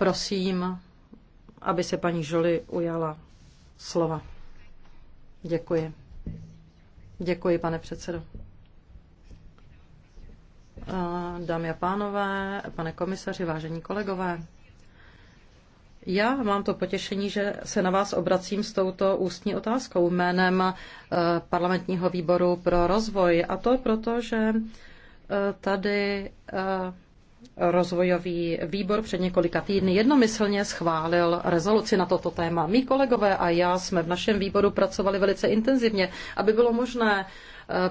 Prosím, aby se paní Žoli ujala slova. Děkuji. Děkuji, pane předsedo. Dámy a pánové, pane komisaři, vážení kolegové, já mám to potěšení, že se na vás obracím s touto ústní otázkou jménem e, parlamentního výboru pro rozvoj. A to proto, že e, tady e, rozvojový výbor před několika týdny jednomyslně schválil rezoluci na toto téma. Mí kolegové a já jsme v našem výboru pracovali velice intenzivně, aby bylo možné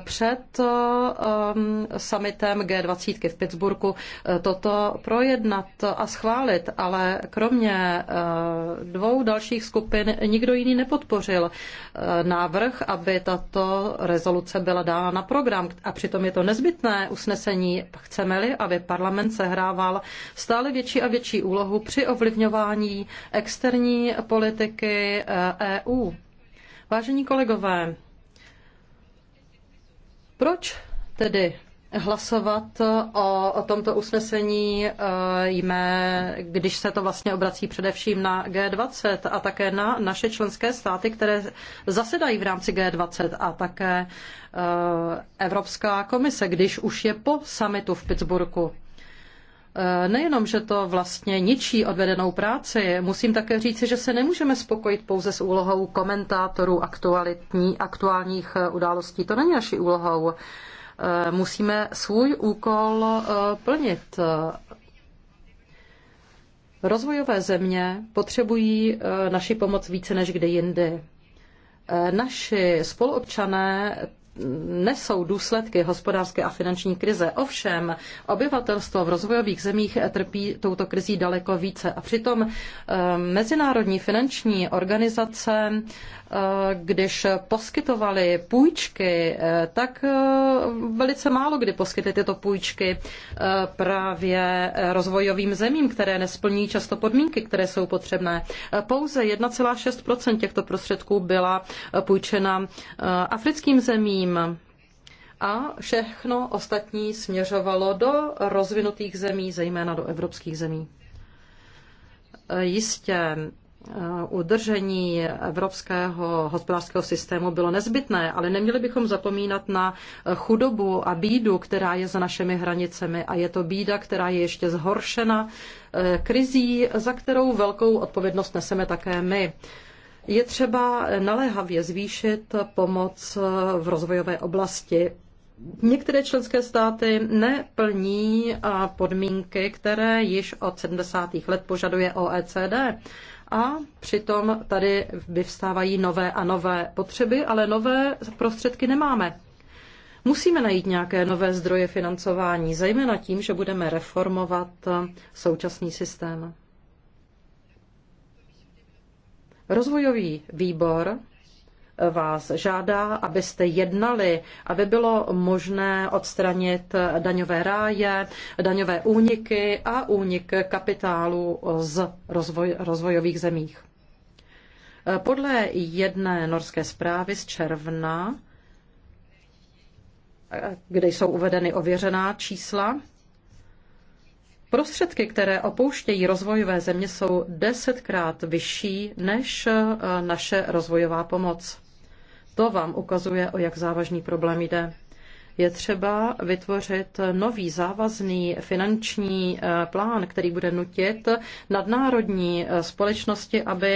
před um, summitem G20 v Pittsburghu uh, toto projednat a schválit, ale kromě uh, dvou dalších skupin nikdo jiný nepodpořil uh, návrh, aby tato rezoluce byla dána na program. A přitom je to nezbytné usnesení, chceme-li, aby parlament sehrával stále větší a větší úlohu při ovlivňování externí politiky EU. Vážení kolegové, proč tedy hlasovat o, o tomto usnesení eh, jmé, když se to vlastně obrací především na G20 a také na naše členské státy, které zasedají v rámci G20 a také eh, Evropská komise, když už je po summitu v Pittsburghu. Eh, nejenom, že to vlastně ničí odvedenou práci, musím také říci, že se nemůžeme spokojit pouze s úlohou komentátorů aktualitní, aktuálních eh, událostí. To není naší úlohou. Eh, musíme svůj úkol plnit. Rozvojové země potřebují naši pomoc více než kdy jindy. Naši spoluobčané nesou důsledky hospodářské a finanční krize. Ovšem, obyvatelstvo v rozvojových zemích trpí touto krizí daleko více. A přitom eh, mezinárodní finanční organizace když poskytovali půjčky, tak eh, velice málo kdy poskytli tyto půjčky eh, právě rozvojovým zemím, které nesplní často podmínky, které jsou potřebné. Pouze 1,6 těchto prostředků byla půjčena eh, africkým zemím a všechno ostatní směřovalo do rozvinutých zemí, zejména do evropských zemí. Jistě Eh, udržení evropského hospodářského systému bylo nezbytné, ale neměli bychom zapomínat na eh, chudobu a bídu, která je za našimi hranicemi a je to bída, která je ještě zhoršena eh, krizí, za kterou velkou odpovědnost neseme také my. Je třeba naléhavě zvýšit pomoc v rozvojové oblasti. Některé členské státy neplní podmínky, které již od 70. let požaduje OECD a přitom tady vyvstávají nové a nové potřeby, ale nové prostředky nemáme. Musíme najít nějaké nové zdroje financování, zejména tím, že budeme reformovat současný systém. Rozvojový výbor vás žádá, abyste jednali, aby bylo možné odstranit daňové ráje, daňové úniky a únik kapitálu z rozvoj, rozvojových zemích. Podle jedné norské zprávy z června, kde jsou uvedeny ověřená čísla, Prostředky, které opouštějí rozvojové země, jsou desetkrát vyšší než naše rozvojová pomoc. To vám ukazuje, o jak závažný problém jde. Je třeba vytvořit nový závazný finanční eh, plán, který bude nutit nadnárodní eh, společnosti, aby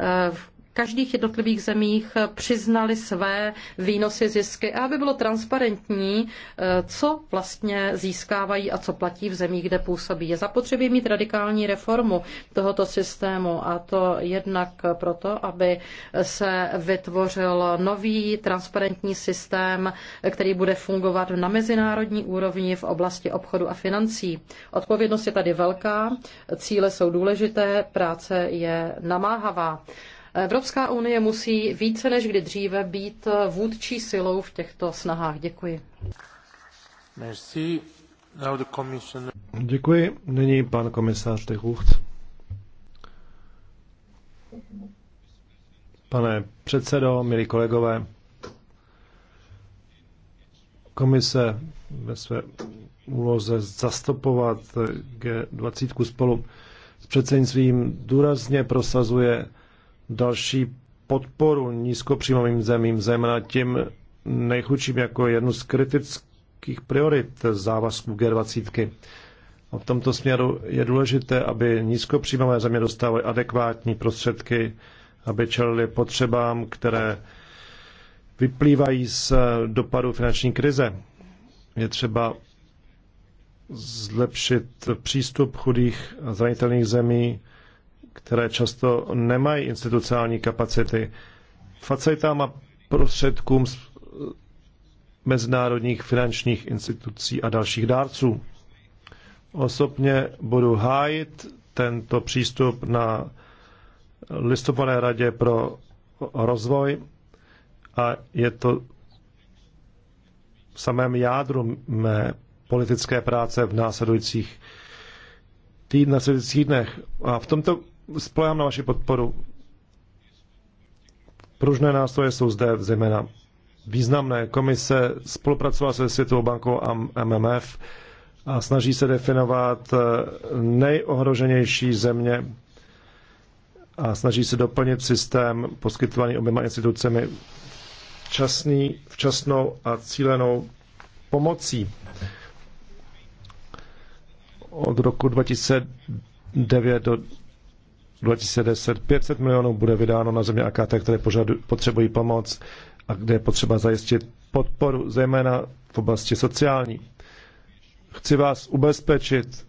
eh, v každých jednotlivých zemích přiznali své výnosy, zisky a aby bylo transparentní, eh, co vlastně získávají a co platí v zemích, kde působí. Je zapotřebí mít radikální reformu tohoto systému a to jednak proto, aby se vytvořil nový transparentní systém, který bude fungovat na mezinárodní úrovni v oblasti obchodu a financí. Odpovědnost je tady velká, cíle jsou důležité, práce je namáhavá. Evropská unie musí více než kdy dříve být eh, vůdčí silou v těchto snahách. Děkuji. Merci. Now the commission... Děkuji. Nyní pan komisář Techucht. Pane předsedo, milí kolegové, komise ve své úloze zastupovat G20 spolu s předsednictvím důrazně prosazuje další podporu nízkopříjmovým zemím, zejména tím nejchudším jako jednu z kritických priorit závazků G20. A v tomto směru je důležité, aby nízkopříjmové země dostávaly adekvátní prostředky, aby čelili potřebám, které vyplývají z dopadu finanční krize. Je třeba zlepšit přístup chudých a zranitelných zemí které často nemají institucionální kapacity, facilitám a prostředkům eh, mezinárodních finančních institucí a dalších dárců. Osobně budu hájit tento přístup na listopadé radě pro rozvoj a je to v samém jádru mé politické práce v následujících týdnech. dnech. A v tomto spolehám na vaši podporu. Pružné nástroje jsou zde zejména významné. Komise spolupracovala se Světovou bankou a MMF a snaží se definovat eh, nejohroženější země a snaží se doplnit systém poskytovaný oběma institucemi včasný, včasnou a cílenou pomocí. Od roku 2009 do 2010 500 milionů bude vydáno na země AKT, které požadu, potřebují pomoc a kde je potřeba zajistit podporu, zejména v oblasti sociální. Chci vás ubezpečit,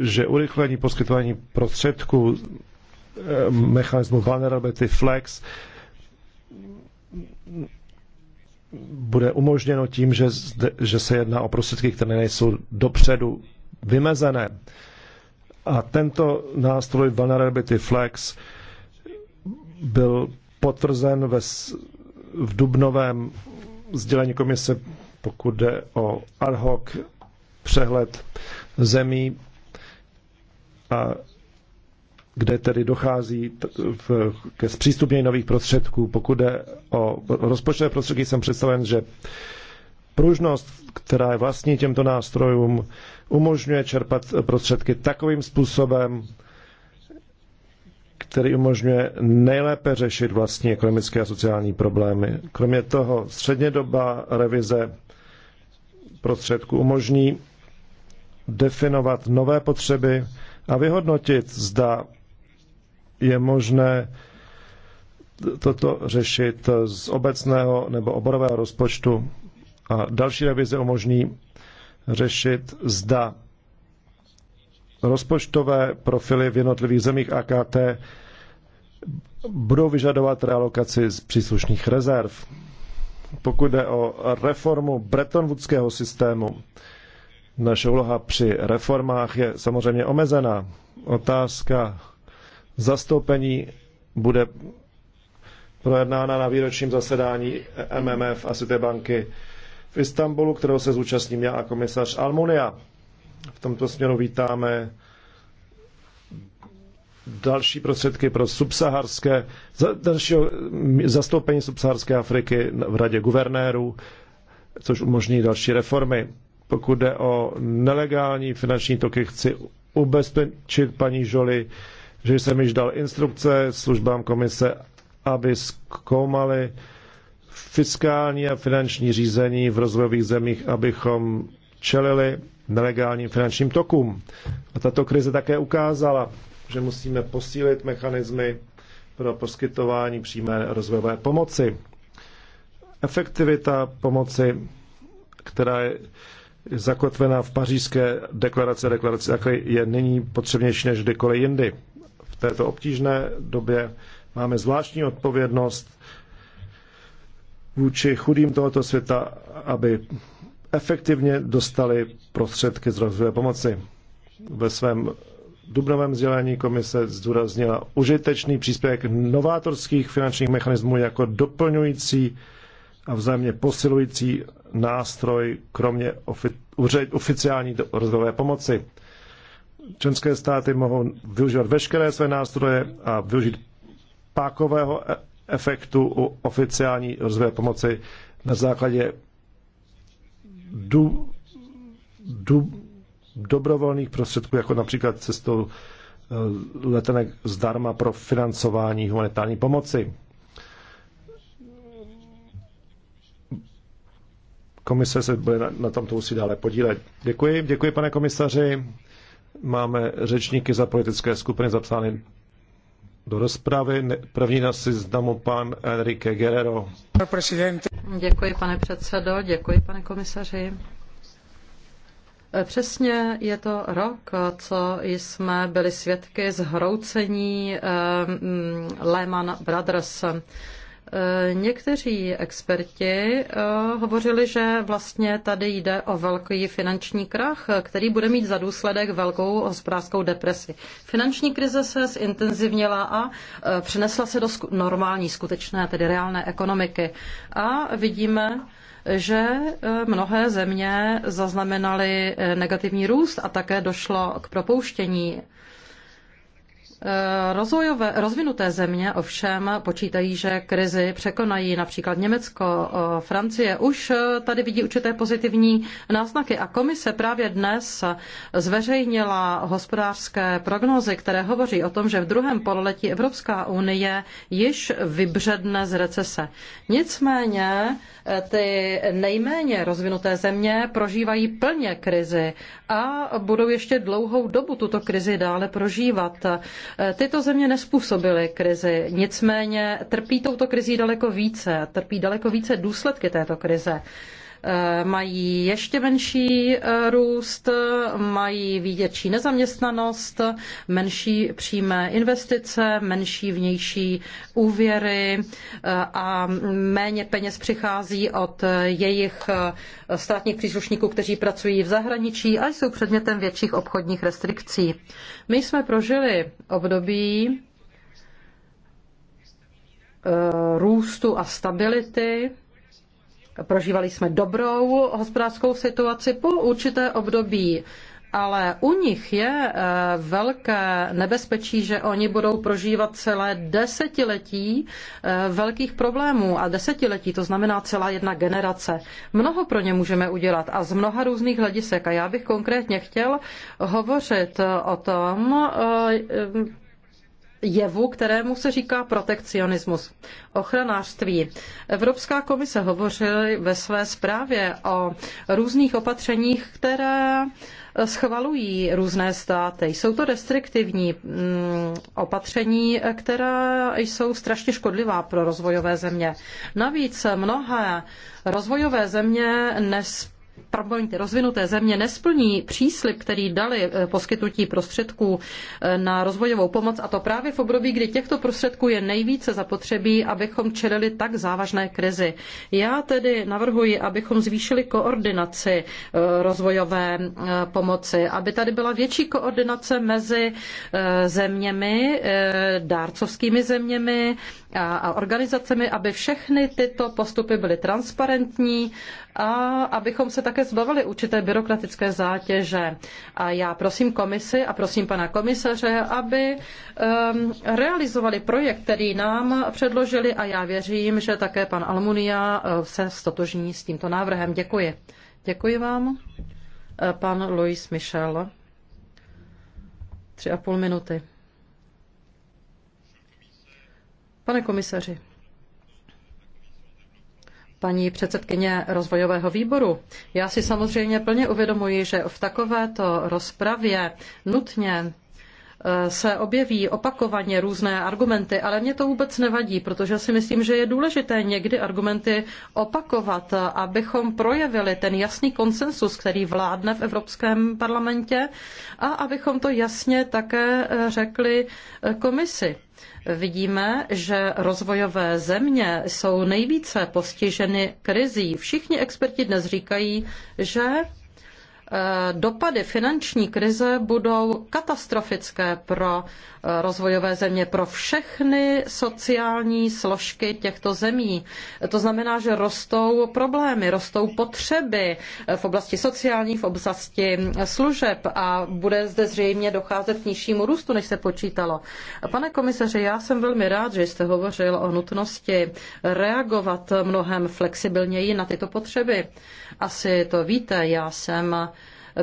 že urychlení poskytování prostředků eh, mechanismu Vulnerability Flex bude umožněno tím, že, zde, že se jedná o prostředky, které nejsou dopředu vymezené. A tento nástroj Vulnerability Flex byl potvrzen ve, v dubnovém sdělení komise, pokud jde o ad hoc přehled zemí, a kde tedy dochází v, ke zpřístupnění nových prostředků. Pokud jde o rozpočtové prostředky, jsem představen, že Pružnost, která je vlastní těmto nástrojům, umožňuje čerpat prostředky takovým způsobem, který umožňuje nejlépe řešit vlastní ekonomické a sociální problémy. Kromě toho střednědobá revize prostředku umožní definovat nové potřeby a vyhodnotit, zda je možné toto řešit z obecného nebo oborového rozpočtu a další revize umožní řešit, zda rozpočtové profily v jednotlivých zemích AKT budou vyžadovat realokaci z příslušných rezerv. Pokud jde o reformu bretonvudského systému, naše úloha při reformách je samozřejmě omezená. Otázka zastoupení bude projednána na výročním zasedání MMF a Citibanky banky v Istanbulu, kterého se zúčastním já a komisař Almunia. V tomto směru vítáme další prostředky pro subsaharské, za, dalšího zastoupení subsaharské Afriky v radě guvernérů, což umožní další reformy. Pokud jde o nelegální finanční toky, chci ubezpečit paní Žoli, že jsem již dal instrukce službám komise, aby zkoumali fiskální a finanční řízení v rozvojových zemích, abychom čelili nelegálním finančním tokům. A tato krize také ukázala, že musíme posílit mechanismy pro poskytování přímé rozvojové pomoci. Efektivita pomoci, která je zakotvená v pařížské deklaraci, deklaraci je nyní potřebnější než kdykoliv jindy. V této obtížné době máme zvláštní odpovědnost vůči chudým tohoto světa, aby efektivně dostali prostředky z rozvoje pomoci. Ve svém dubnovém sdělení komise zdůraznila užitečný příspěvek novátorských finančních mechanismů jako doplňující a vzájemně posilující nástroj, kromě oficiální rozvojové pomoci. Členské státy mohou využívat veškeré své nástroje a využít pákového e- efektu u oficiální rozvoje pomoci na základě du, du, dobrovolných prostředků, jako například cestou eh, letenek zdarma pro financování humanitární pomoci. Komise se bude na, na tomto musí dále podílet. Děkuji, děkuji pane komisaři. Máme řečníky za politické skupiny zapsány do rozpravy. První na seznamu pan Enrique Guerrero. Děkuji, pane předsedo, děkuji, pane komisaři. Přesně je to rok, co jsme byli svědky zhroucení eh, Lehman Brothers. Eh, někteří experti eh, hovořili, že vlastně tady jde o velký finanční krach, který bude mít za důsledek velkou hospodářskou depresi. Finanční krize se zintenzivnila a eh, přinesla se do normální, skutečné, tedy reálné ekonomiky. A vidíme, že mnohé země zaznamenaly negativní růst a také došlo k propouštění Eh, rozvojové, rozvinuté země ovšem počítají, že krizi překonají například Německo, eh, Francie. Už eh, tady vidí určité pozitivní náznaky a komise právě dnes zveřejnila hospodářské prognózy, které hovoří o tom, že v druhém pololetí Evropská unie již vybředne z recese. Nicméně ty nejméně rozvinuté země prožívají plně krizi a budou ještě dlouhou dobu tuto krizi dále prožívat. Eh, tyto země nespůsobily krizi, nicméně trpí touto krizí daleko více, trpí daleko více důsledky této krize. Eh, mají ještě menší eh, růst, mají výdětší nezaměstnanost, menší přímé investice, menší vnější úvěry eh, a méně peněz přichází od jejich státních příslušníků, kteří pracují v zahraničí a jsou předmětem větších obchodních restrikcí. My jsme prožili období růstu a stability, Prožívali jsme dobrou hospodářskou situaci po určité období, ale u nich je eh, velké nebezpečí, že oni budou prožívat celé desetiletí eh, velkých problémů. A desetiletí to znamená celá jedna generace. Mnoho pro ně můžeme udělat a z mnoha různých hledisek. A já bych konkrétně chtěl hovořit o tom, eh, jevu, kterému se říká protekcionismus. Ochranářství. Evropská komise hovořila ve své zprávě o různých opatřeních, které schvalují různé státy. Jsou to restriktivní mm, opatření, která jsou strašně škodlivá pro rozvojové země. Navíc mnohé rozvojové země nesplňují promiňte, rozvinuté země nesplní příslip, který dali eh, poskytnutí prostředků eh, na rozvojovou pomoc, a to právě v období, kdy těchto prostředků je nejvíce zapotřebí, abychom čelili tak závažné krizi. Já tedy navrhuji, abychom zvýšili koordinaci eh, rozvojové pomoci, aby tady byla větší koordinace mezi zeměmi, dárcovskými zeměmi a organizacemi, aby všechny tyto postupy byly transparentní a abychom se také zbavili určité byrokratické zátěže. A já prosím komisi a prosím pana komisaře, aby um, realizovali projekt, který nám předložili a já věřím, že také pan Almunia eh, se stotožní s tímto návrhem. Děkuji. Děkuji vám. Eh, pan Louis Michel. Tři a půl minuty. Pane komisaři, paní předsedkyně rozvojového výboru. Já si samozřejmě plně uvědomuji, že v takovéto rozpravě nutně e, se objeví opakovaně různé argumenty, ale mě to vůbec nevadí, protože si myslím, že je důležité někdy argumenty opakovat, abychom projevili ten jasný konsensus, který vládne v Evropském parlamentě a abychom to jasně také e, řekli e, komisi. Vidíme, že rozvojové země jsou nejvíce postiženy krizí. Všichni experti dnes říkají, že Eh, dopady finanční krize budou katastrofické pro eh, rozvojové země, pro všechny sociální složky těchto zemí. Eh, to znamená, že rostou problémy, rostou potřeby v oblasti sociální, v oblasti hm, služeb a bude zde zřejmě docházet k nižšímu růstu, než se počítalo. Pane komisaři, já jsem velmi rád, že jste hovořil o nutnosti reagovat mnohem flexibilněji na tyto potřeby. Asi to víte, já jsem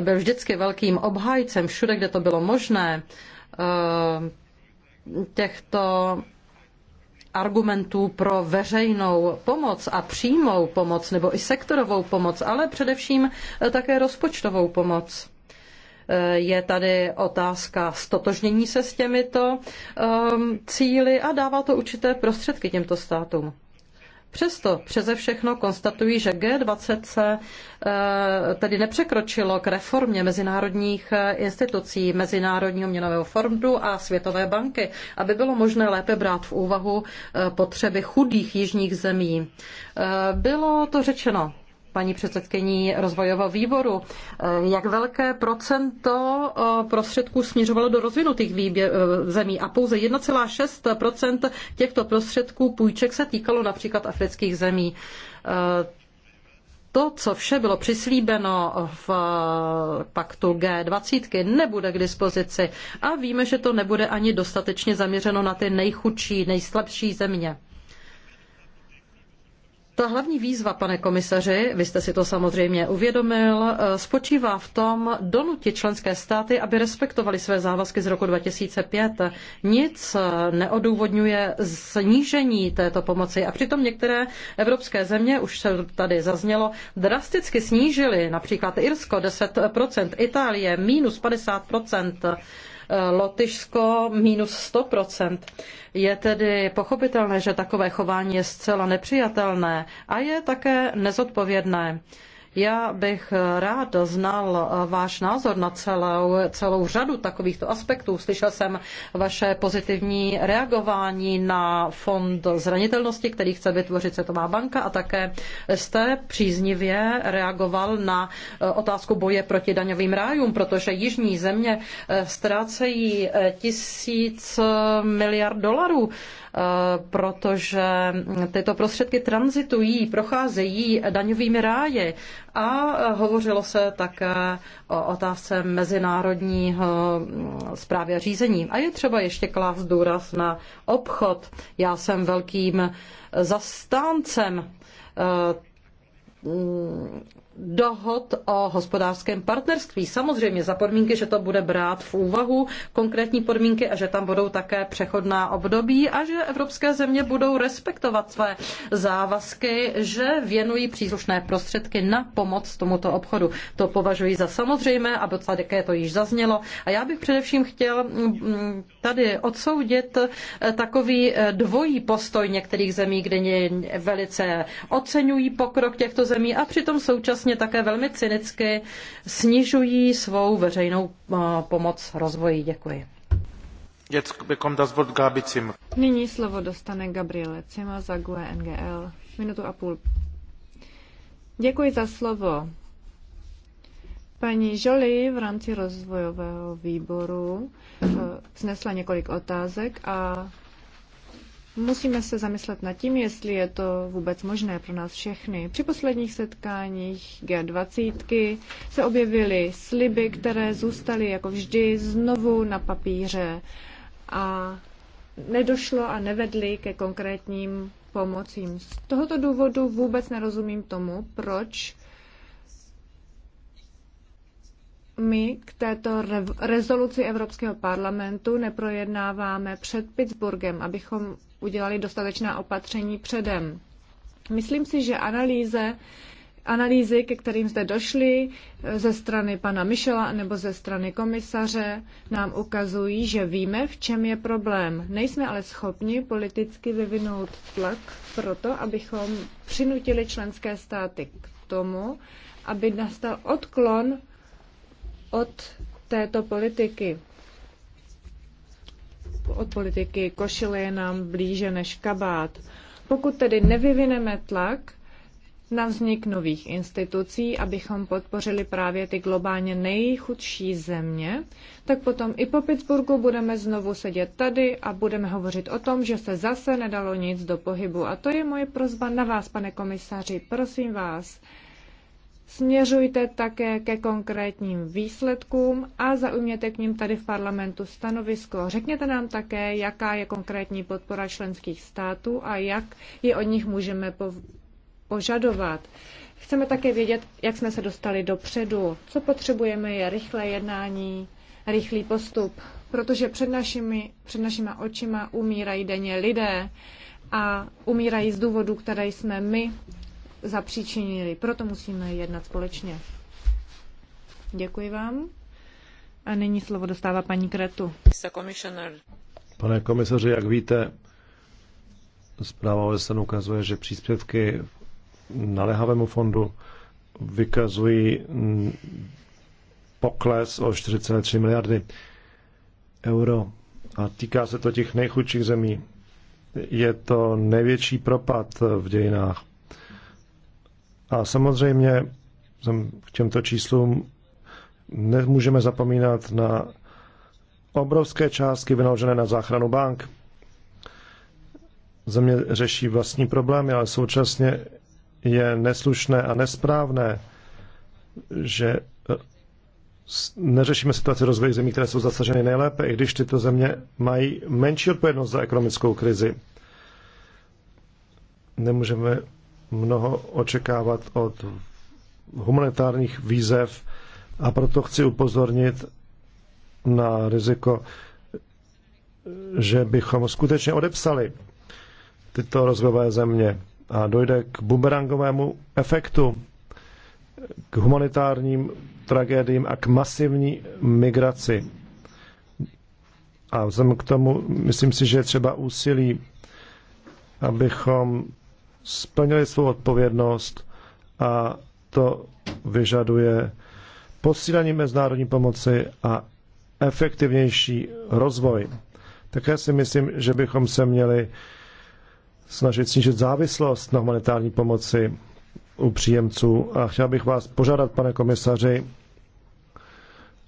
byl vždycky velkým obhájcem všude, kde to bylo možné, eh, těchto argumentů pro veřejnou pomoc a přímou pomoc nebo i sektorovou pomoc, ale především eh, také rozpočtovou pomoc. Eh, je tady otázka stotožnění se s těmito ehm, cíly a dává to určité prostředky těmto státům. Přesto přeze všechno konstatují, že G20 se eh, tedy nepřekročilo k reformě mezinárodních eh, institucí, Mezinárodního měnového fondu a Světové banky, aby bylo možné lépe brát v úvahu eh, potřeby chudých jižních zemí. Bylo to řečeno paní předsedkyní rozvojového výboru, eh, jak velké procento eh, prostředků směřovalo do rozvinutých výběr, eh, zemí a pouze 1,6 těchto prostředků půjček se týkalo například afrických zemí to, co vše bylo přislíbeno v paktu G20, nebude k dispozici a víme, že to nebude ani dostatečně zaměřeno na ty nejchudší, nejslabší země. Ta hlavní výzva, pane komisaři, vy jste si to samozřejmě uvědomil, eh, spočívá v tom donutit členské státy, aby respektovali své závazky z roku 2005. Nic eh, neodůvodňuje snížení této pomoci a přitom některé evropské země, už se tady zaznělo, drasticky snížily, například Irsko 10%, Itálie minus 50%. Eh, Lotyšsko minus 100%. Je tedy pochopitelné, že takové chování je zcela nepřijatelné a je také nezodpovědné. Já bych rád znal eh, váš názor na celou, celou řadu takovýchto aspektů. Slyšel jsem vaše pozitivní reagování na fond zranitelnosti, který chce vytvořit Světová banka a také jste příznivě reagoval na eh, otázku boje proti daňovým rájům, protože jižní země eh, ztrácejí tisíc miliard dolarů Eh, protože tyto prostředky transitují, procházejí daňovými ráje a hovořilo se také o otázce mezinárodního zprávy mm, a řízení. A je třeba ještě klást důraz na obchod. Já jsem velkým zastáncem eh, dohod o hospodářském partnerství. Samozřejmě za podmínky, že to bude brát v úvahu konkrétní podmínky a že tam budou také přechodná období a že evropské země budou respektovat své závazky, že věnují příslušné prostředky na pomoc tomuto obchodu. To považuji za samozřejmé a docela také to již zaznělo. A já bych především chtěl mm, tady odsoudit eh, takový eh, dvojí postoj některých zemí, kde velice oceňují pokrok těchto zemí a přitom současně současně také velmi cynicky snižují svou veřejnou eh, pomoc rozvoji. Děkuji. Nyní slovo dostane Gabriele Cima za GUE NGL. Minutu a půl. Děkuji za slovo. Paní Žoli v rámci rozvojového výboru snesla eh, několik otázek a Musíme se zamyslet nad tím, jestli je to vůbec možné pro nás všechny. Při posledních setkáních G20 se objevily sliby, které zůstaly jako vždy znovu na papíře a nedošlo a nevedly ke konkrétním pomocím. Z tohoto důvodu vůbec nerozumím tomu, proč my k této rezoluci Evropského parlamentu neprojednáváme před Pittsburghem, abychom udělali dostatečná opatření předem. Myslím si, že analýze, analýzy, ke kterým zde došly eh, ze strany pana Michela nebo ze strany komisaře, nám ukazují, že víme, v čem je problém. Nejsme ale schopni politicky vyvinout tlak pro to, abychom přinutili členské státy k tomu, aby nastal odklon od této politiky. Od politiky košile je nám blíže než kabát. Pokud tedy nevyvineme tlak na vznik nových institucí, abychom podpořili právě ty globálně nejchudší země, tak potom i po Pittsburghu budeme znovu sedět tady a budeme hovořit o tom, že se zase nedalo nic do pohybu. A to je moje prozba na vás, pane komisaři. Prosím vás, Směřujte také ke konkrétním výsledkům a zaujměte k ním tady v parlamentu stanovisko. Řekněte nám také, jaká je konkrétní podpora členských států a jak ji od nich můžeme po- požadovat. Chceme také vědět, jak jsme se dostali dopředu. Co potřebujeme je rychlé jednání, rychlý postup, protože před našimi, před našima očima umírají denně lidé a umírají z důvodů, které jsme my zapříčinili. Proto musíme jednat společně. Děkuji vám. A nyní slovo dostává paní Kretu. Pane komisaři, jak víte, zpráva OSN ukazuje, že příspěvky naléhavému fondu vykazují pokles o 4,3 miliardy euro. A týká se to těch nejchudších zemí. Je to největší propad v dějinách a samozřejmě k těmto číslům nemůžeme zapomínat na obrovské částky vynaložené na záchranu bank. Země řeší vlastní problémy, ale současně je neslušné a nesprávné, že eh, neřešíme situaci rozvoje zemí, které jsou zasaženy nejlépe, i když tyto země mají menší odpovědnost za ekonomickou krizi. Nemůžeme mnoho očekávat od humanitárních výzev a proto chci upozornit na riziko, že bychom skutečně odepsali tyto rozvojové země a dojde k bumerangovému efektu, k humanitárním tragédiím a k masivní migraci. A vzhledem k tomu, myslím si, že je třeba úsilí, abychom splnili svou odpovědnost a to vyžaduje posílení mezinárodní pomoci a efektivnější rozvoj. Také si myslím, že bychom se měli snažit snížit závislost na humanitární pomoci u příjemců. A chtěl bych vás požádat, pane komisaři,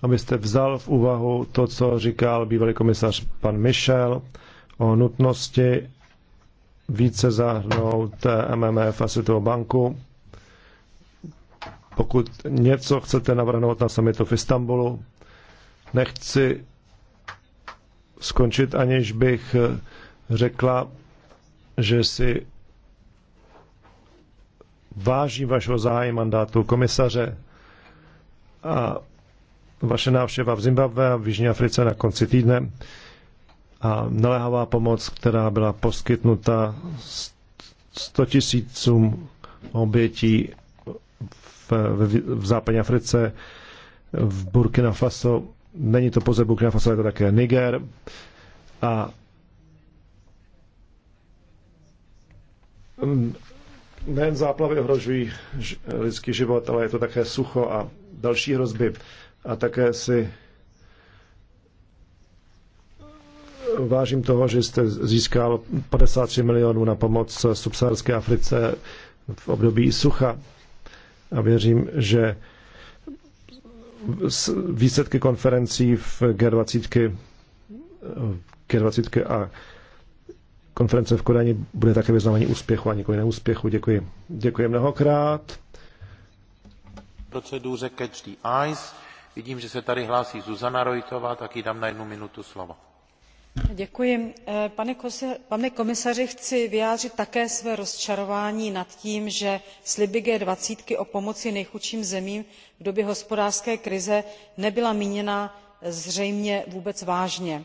abyste vzal v úvahu to, co říkal bývalý komisař pan Michel o nutnosti více zahrnout eh, MMF a Světovou banku. Pokud něco chcete navrhnout na summitu v Istanbulu, nechci skončit, aniž bych eh, řekla, že si vážím vašeho zájem mandátu komisaře a vaše návštěva v Zimbabwe a v Jižní Africe na konci týdne a naléhavá pomoc, která byla poskytnuta 100 tisícům obětí v, v, v západní Africe, v Burkina Faso, není to pouze Burkina Faso, je to také Niger a nejen záplavy ohrožují lidský život, ale je to také sucho a další hrozby. A také si vážím toho, že jste získal 53 milionů na pomoc subsaharské Africe v období sucha a věřím, že výsledky konferencí v G20, G20 a konference v Kodani bude také vyznamení úspěchu a nikoli neúspěchu. Děkuji. Děkuji mnohokrát. Proceduře Catch the Eyes. Vidím, že se tady hlásí Zuzana Rojtová, tak jí dám na jednu minutu slovo. Děkuji. Eh, pane komisaři chci vyjádřit také své rozčarování nad tím že sliby g twenty o pomoci nejchudším zemím v době hospodářské krize nebyly míněny zřejmě vůbec vážně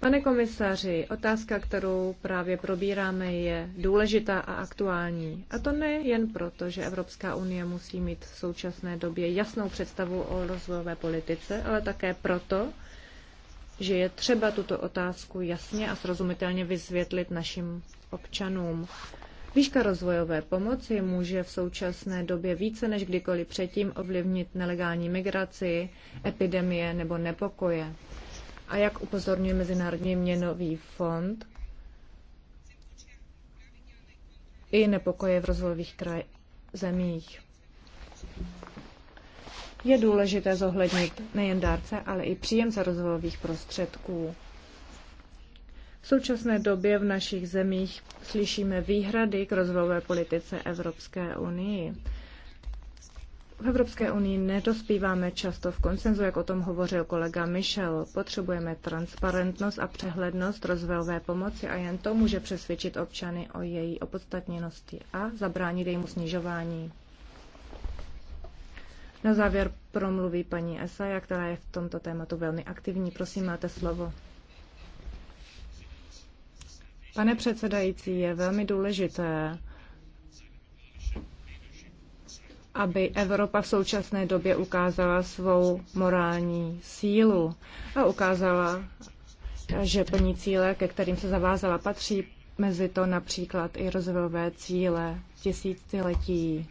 Pane komisaři, otázka, kterou právě probíráme, je důležitá a aktuální. A to nejen proto, že Evropská unie musí mít v současné době jasnou představu o rozvojové politice, ale také proto, že je třeba tuto otázku jasně a srozumitelně vysvětlit našim občanům. Výška rozvojové pomoci může v současné době více než kdykoliv předtím ovlivnit nelegální migraci, epidemie nebo nepokoje. A jak upozorňuje Mezinárodní měnový fond, i nepokoje v rozvojových kraj- zemích. Je důležité zohlednit nejen dárce, ale i příjemce rozvojových prostředků. V současné době v našich zemích slyšíme výhrady k rozvojové politice Evropské unii. V Evropské unii nedospíváme často v konsenzu, jak o tom hovořil kolega Michel. Potřebujeme transparentnost a přehlednost rozvojové pomoci a jen to může přesvědčit občany o její opodstatněnosti a zabránit jejímu snižování. Na závěr promluví paní Esaja, která je v tomto tématu velmi aktivní. Prosím, máte slovo. Pane předsedající, je velmi důležité, aby Evropa v současné době ukázala svou morální sílu a ukázala, že plní cíle, ke kterým se zavázala, patří mezi to například i rozvojové cíle tisíciletí.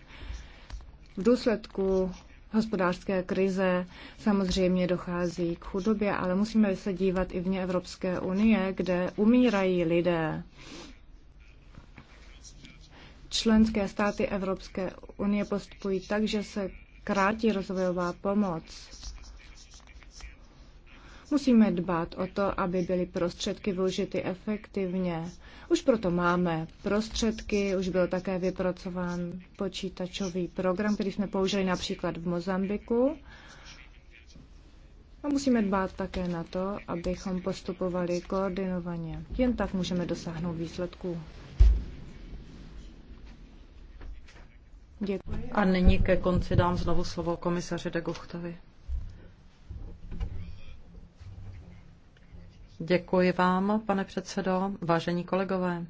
V důsledku hospodářské krize samozřejmě dochází k chudobě, ale musíme se dívat i vně Evropské unie, kde umírají lidé členské státy Evropské unie postupují tak, že se krátí rozvojová pomoc. Musíme dbát o to, aby byly prostředky využity efektivně. Už proto máme prostředky, už byl také vypracován počítačový program, který jsme použili například v Mozambiku. A musíme dbát také na to, abychom postupovali koordinovaně. Jen tak můžeme dosáhnout výsledků. Děkuji. A nyní ke konci dám znovu slovo komisaři de Guchtovi. Děkuji vám, pane předsedo, vážení kolegové.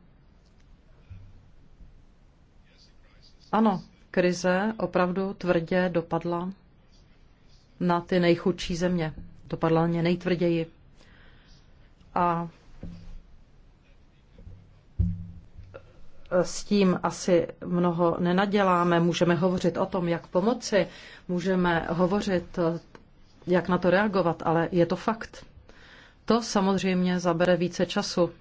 Ano, krize opravdu tvrdě dopadla na ty nejchudší země. Dopadla na ně nejtvrději. A s tím asi mnoho nenaděláme. Můžeme hovořit o tom, jak pomoci, můžeme hovořit, jak na to reagovat, ale je to fakt. To samozřejmě zabere více času.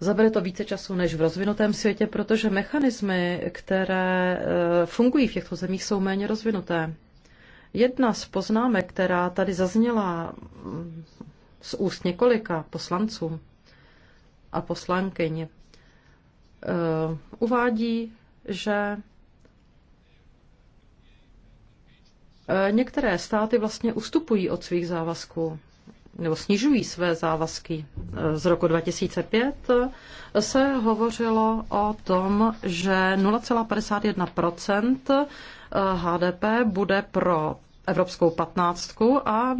Zabere to více času než v rozvinutém světě, protože mechanismy, které eh, fungují v těchto zemích, jsou méně rozvinuté. Jedna z poznámek, která tady zazněla mm, z úst několika poslanců, a poslankyň eh, uvádí, že eh, některé státy vlastně ustupují od svých závazků nebo snižují své závazky. Eh, z roku 2005 se hovořilo o tom, že 0,51 HDP bude pro Evropskou patnáctku a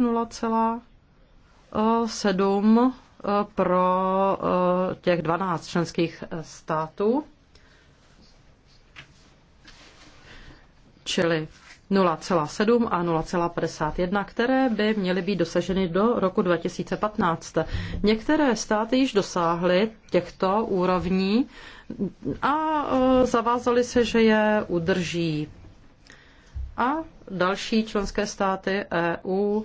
pro eh, těch 12 členských států, čili 0,7 a 0,51, které by měly být dosaženy do roku 2015. Některé státy již dosáhly těchto úrovní a eh, zavázaly se, že je udrží. A další členské státy EU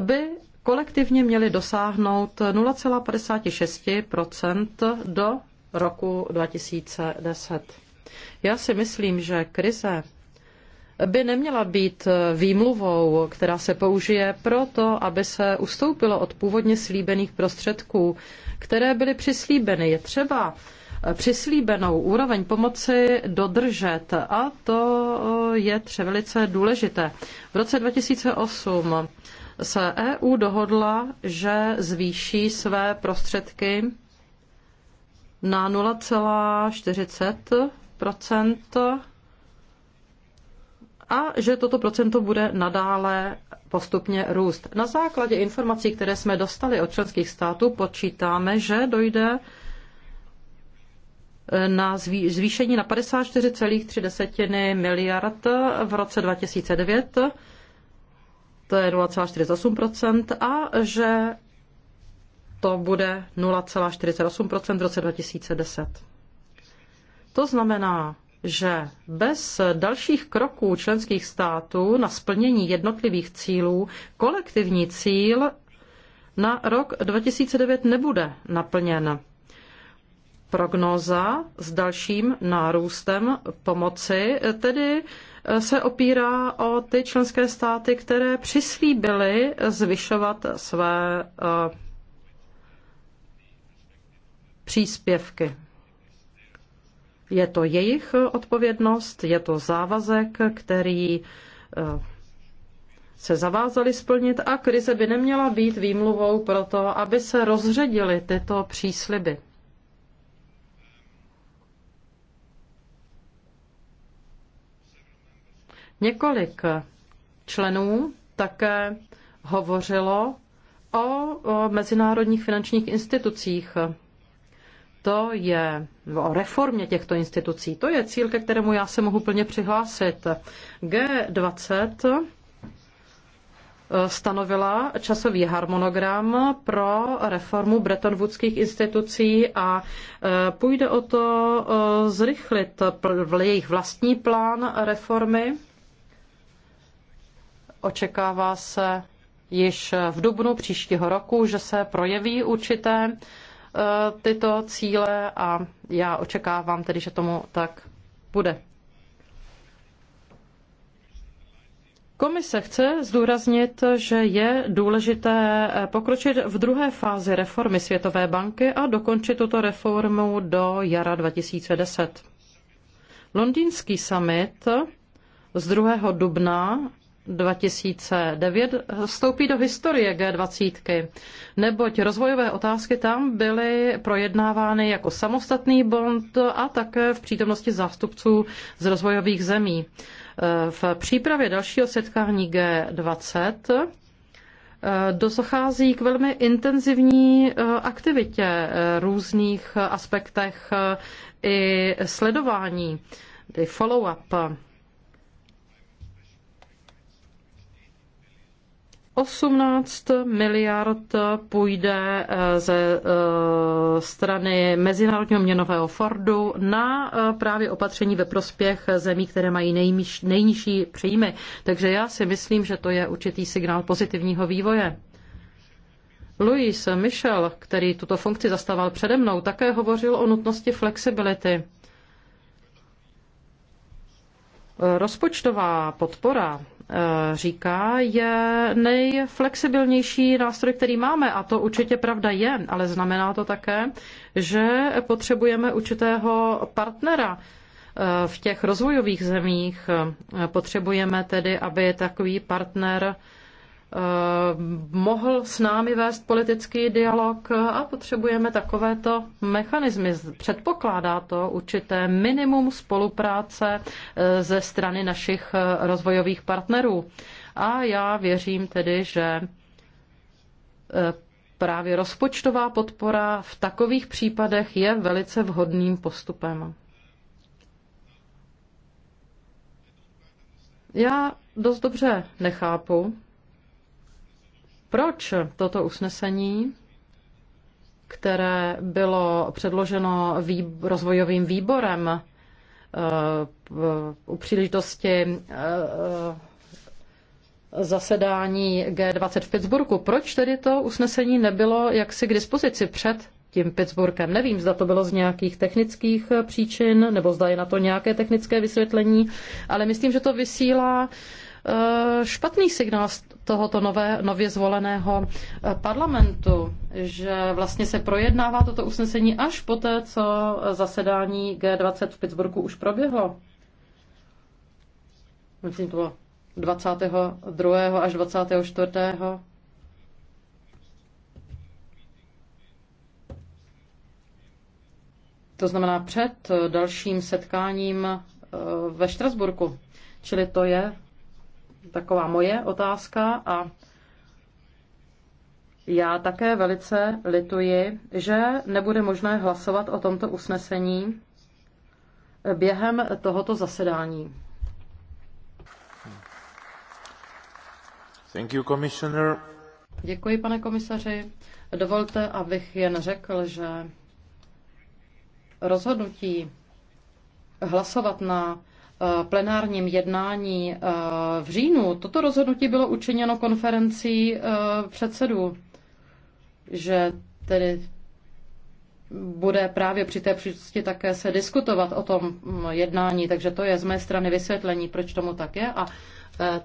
by kolektivně měli dosáhnout 0,56 do roku 2010. Já si myslím, že krize by neměla být výmluvou, která se použije proto, aby se ustoupilo od původně slíbených prostředků, které byly přislíbeny. Je třeba přislíbenou úroveň pomoci dodržet a to je velice důležité. V roce 2008 se EU dohodla, že zvýší své prostředky na 0,40 a že toto procento bude nadále postupně růst. Na základě informací, které jsme dostali od členských států, počítáme, že dojde na zvýšení na 54,3 miliard v roce 2009 to je 0,48% a že to bude 0,48% v roce 2010. To znamená, že bez dalších kroků členských států na splnění jednotlivých cílů kolektivní cíl na rok 2009 nebude naplněn. Prognóza s dalším nárůstem pomoci tedy se opírá o ty členské státy, které přislíbily zvyšovat své eh, příspěvky. Je to jejich odpovědnost, je to závazek, který eh, se zavázali splnit a krize by neměla být výmluvou pro to, aby se rozředily tyto přísliby. Několik členů také hovořilo o, o mezinárodních finančních institucích. To je o reformě těchto institucí. To je cíl, ke kterému já se mohu plně přihlásit. G20 eh, stanovila časový harmonogram pro reformu bretonvudských institucí a eh, půjde o to eh, zrychlit jejich vlastní plán reformy Očekává se již v dubnu příštího roku, že se projeví určité e, tyto cíle a já očekávám tedy, že tomu tak bude. Komise chce zdůraznit, že je důležité pokročit v druhé fázi reformy Světové banky a dokončit tuto reformu do jara 2010. Londýnský summit z 2. dubna 2009 vstoupí do historie G20, neboť rozvojové otázky tam byly projednávány jako samostatný bond a také v přítomnosti zástupců z rozvojových zemí. V přípravě dalšího setkání G20 dosochází eh, k velmi intenzivní eh, aktivitě eh, různých aspektech i sledování, follow-up 18 miliard půjde eh, ze eh, strany Mezinárodního měnového fordu na eh, právě opatření ve prospěch zemí, které mají nejnižší příjmy. Takže já si myslím, že to je určitý signál pozitivního vývoje. Louis Michel, který tuto funkci zastával přede mnou, také hovořil o nutnosti flexibility. Rozpočtová podpora Eh, říká, je nejflexibilnější nástroj, který máme. A to určitě pravda je, ale znamená to také, že potřebujeme určitého partnera eh, v těch rozvojových zemích. Eh, potřebujeme tedy, aby takový partner Eh, mohl s námi vést politický dialog a potřebujeme takovéto mechanizmy. Předpokládá to určité minimum spolupráce eh, ze strany našich eh, rozvojových partnerů. A já věřím tedy, že právě rozpočtová podpora v takových případech je velice vhodným postupem. Já dost dobře nechápu, proč toto usnesení, které bylo předloženo rozvojovým výborem eh, u příležitosti eh, eh, zasedání G20 v Pittsburghu. Proč tedy to usnesení nebylo jaksi k dispozici před tím Pittsburghem? Nevím, zda to bylo z nějakých technických příčin, nebo zda je na to nějaké technické vysvětlení, ale myslím, že to vysílá špatný signál tohoto nové, nově zvoleného eh, parlamentu, že vlastně se projednává toto usnesení až poté, co zasedání G20 v Pittsburghu už proběhlo. Myslím, to bylo 22. až 24. To znamená před dalším setkáním eh, ve Štrasburku. Čili to je taková moje otázka a já také velice lituji, že nebude možné hlasovat o tomto usnesení během tohoto zasedání. Thank you, commissioner. Děkuji, pane komisaři. Dovolte, abych jen řekl, že rozhodnutí hlasovat na Eh, plenárním jednání eh, v říjnu, toto rozhodnutí bylo učiněno konferencí eh, předsedů, že tedy bude právě při té příležitosti také se diskutovat o tom mm, jednání, takže to je z mé strany vysvětlení, proč tomu tak je a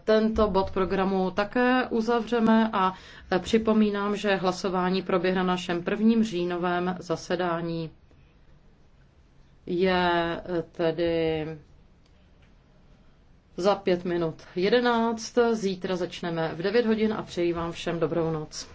tento bod programu také uzavřeme a připomínám, že hlasování proběhne na našem prvním říjnovém zasedání. Je tedy za pět minut 11. Zítra začneme v 9 hodin a přeji vám všem dobrou noc.